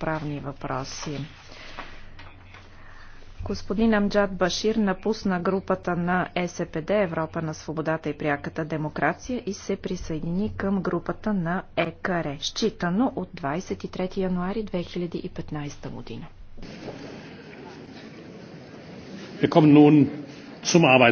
правни въпроси. Господин Амджад Башир напусна групата на СПД Европа на свободата и пряката демокрация и се присъедини към групата на ЕКР, считано от 23 януари 2015 година.